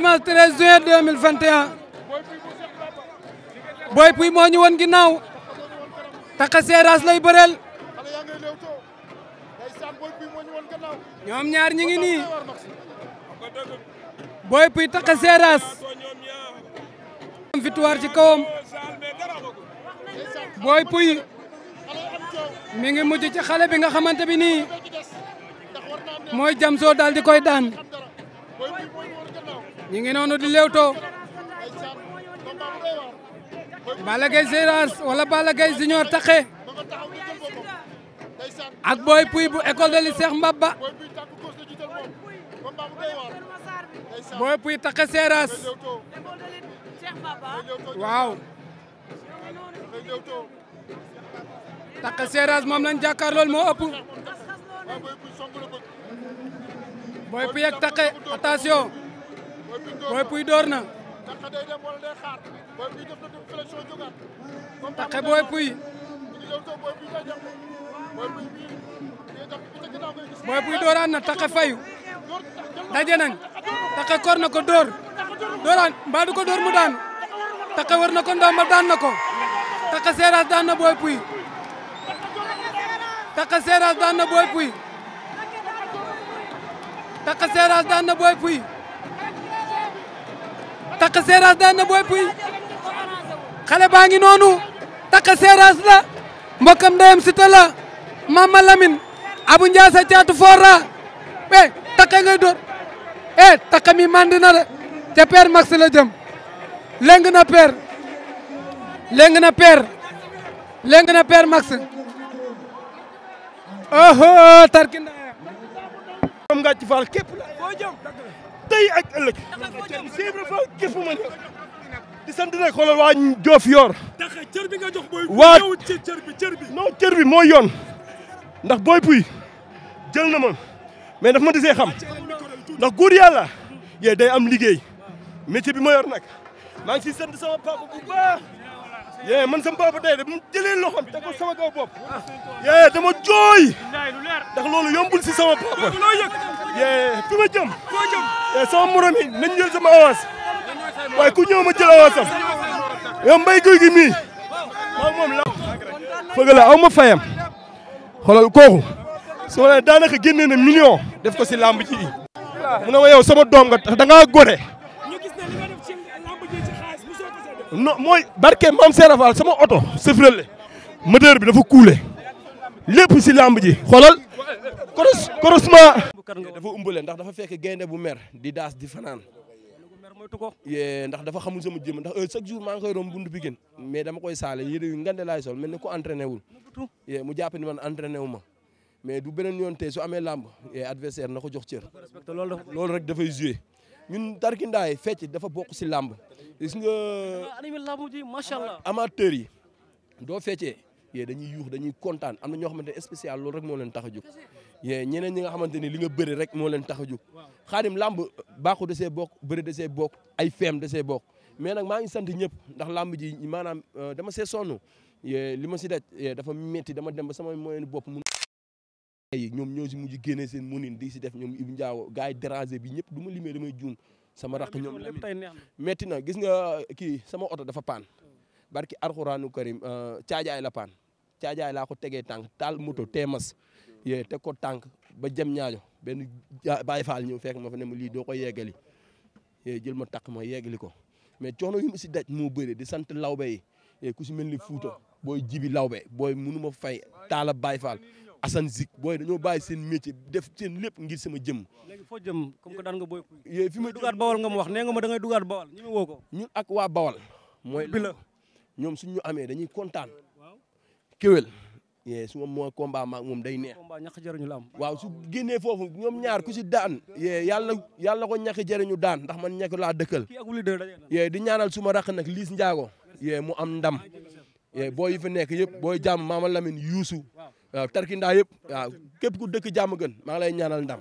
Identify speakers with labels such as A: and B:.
A: dimanche 13 juin 2021 Boy Pouye moo ñu ginnaaw Taxa Seeraas lay bëreel ñoom ñaar ñi ngi nii Boy Pouye Taxa Seeraas am victoire ci kawam Boy Pouye mi ngi mujj ci xale bi nga xamante bi nii mooy jam soo daal di koy daan ñi ngi noonu di lewtoo Balla Gaye Seras wala Balla Gaye Junior Takké ak Boy Pouy bu école de li Cheikh Mbaba Boy Pouy Takké Seras waaw Takké Seras moom lañ jàkkaarlool moo ëpp Boy Pouy ak Takké attention Boy Pouye door na. Takké Boy Pouye. Boy Pouye dooraan na Takké fayu. daje nañ Takké kor na ko door. dooraan mbaa du ko door mu daan. Takké war na ko ndomba daan na ko. Takké Seras daan na Boy Pouye. Takké Seras daan na Boy Pouye. Takké Seras daan na Boy Pouye. Takk Seras daan na Boy Pouye xale baa ngi noonu Takk Seras la mbokkam ndeyam Siteu la Mama Lamine Abou Ndiassé caatu Fora eh Takk ngay door eh Takk mi mandi de ca Père Max la jëm leng na Père leng na Père leng na tarkinda maam Ngathie Fall képp la foo jëm
B: tey ak ëllëg Ibra Fall képp ma ñëw di sant rek xoolal waa Joof Yoor cër bi nga jox booy waa cër bi cër bi non cër mooy yoon ndax booy puy jël na ma mais daf ma disee xam ndax guur yàlla yee day am liggéey métier bi ma yor nag maa ngi siy sant sama papa bu yee man sama papa tey de mu jëlee loxoom teg ko sama kaw bopp. yee dama jooy. ndax loolu yombul si sama papa. yee fi ma jëm. sama morom yi sama avance. waaye ku ñëw ma jël avance am. yow mbay guy gi mii. fayam. xoolal kooku. su ma nee daanaka génnee na million. def ko si làmb ji. mu ne ma yow sama doom nga tax da gore. non mooy barke maam Serap Fall sama oto sëfrel la moteur bi dafa kuule lépp si làmb ji xoolal koros korosement. dafa umbale ndax dafa fekk gaynde bu mer di daas di fanaan. ndax dafa xamul sama jëm ndax chaque jour maa ngi koy romb buntu Pikine mais dama koy saale yére yu ngande laay sol mel ni ku entraîné wul. mu jàpp ni man entraîné wu ma mais du beneen yoon tey su amee làmb adversaire na ko jox cër. loolu rek dafay joué. ñun tarkindaay fecc dafa bokk si làmb gis nga amateur yi doo feccee yee dañuy yuux dañuy kontaan am na ñoo xamante ne spécial loolu rek moo leen tax jóg yee ñeneen ñi nga xamante ni li nga bëri rek moo leen tax a jóg xaadim làmb baaxu da see bokk bëri da bokk ay feem da bokk mais nag maa ngi sant ñëpp ndax làmb ji maanaam euh, dama see sonn li ma si daj dafa métti dama dem ba sama moyen bopp mun yi ñoom ñoo si mujj génne seen munin di si def ñoom Ibou Ndiawo gars yi bi ñëpp du ma limee damay juum sama raq ñoom Lamine metti na gis nga euh, kii sama oto dafa paan barki arxuraanu karim euh, caajaay la paan caajaay laa ko tegee tànk taal moto teemas yee teg ko tànk ba jëm ñaajo benn bàyyi faal ñëw fekk ma fa ne ma lii doo ko yeggali yee jël ma takk ma yeggali ko mais coono yu ma si daj moo bëri di sant lawbe yi ku si mel ni Fuuta booy jibi lawbe booy mënu ma fay taala bàyyi faal Assane Zik booy dañoo bàyyi seen métier def seen lépp ngir sama jëm. léegi foo jëm comme que daan nga booy. yooyu fi ma dugaat bawal nga ma wax nee nga ma da ngay dugaat bawal ñu woo ko. ñun ak waa bawal. mooy bi la ñoom suñ ñu amee dañuy kontaan. kéwél. yee su ma moo combat maag moom day neex. combat ñax jëriñu la am. waaw su génnee foofu ñoom ñaar ku si daan. yee yàlla yàlla ko ñax jëriñu daan ndax man ñax laa dëkkal. kii ak wuli dër daje na. yee di ñaanal su ma raq nag liis njaago. yee mu am ndam. yee booy yi fa nekk yëpp booy jàmm maama Lamine Youssou waaw tarkindaa yëpp waaw képp ku dëkk jàmm gën maa ngi lay ñaanal ndam